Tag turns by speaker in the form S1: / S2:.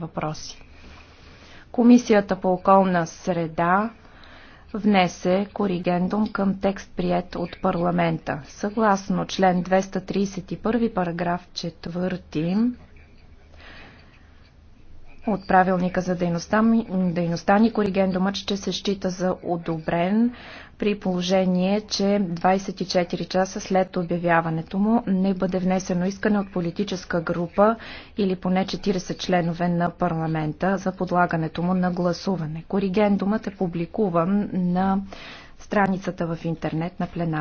S1: въпроси.
S2: Комисията по околна среда внесе коригендум към текст прият от парламента. Съгласно член 231 параграф 4 от правилника за дейността, дейността ни коригендумът ще се счита за одобрен при положение, че 24 часа след обявяването му не бъде внесено искане от политическа група или поне 40 членове на парламента за подлагането му на гласуване. Коригендумът е публикуван на
S3: страницата в интернет на пленар.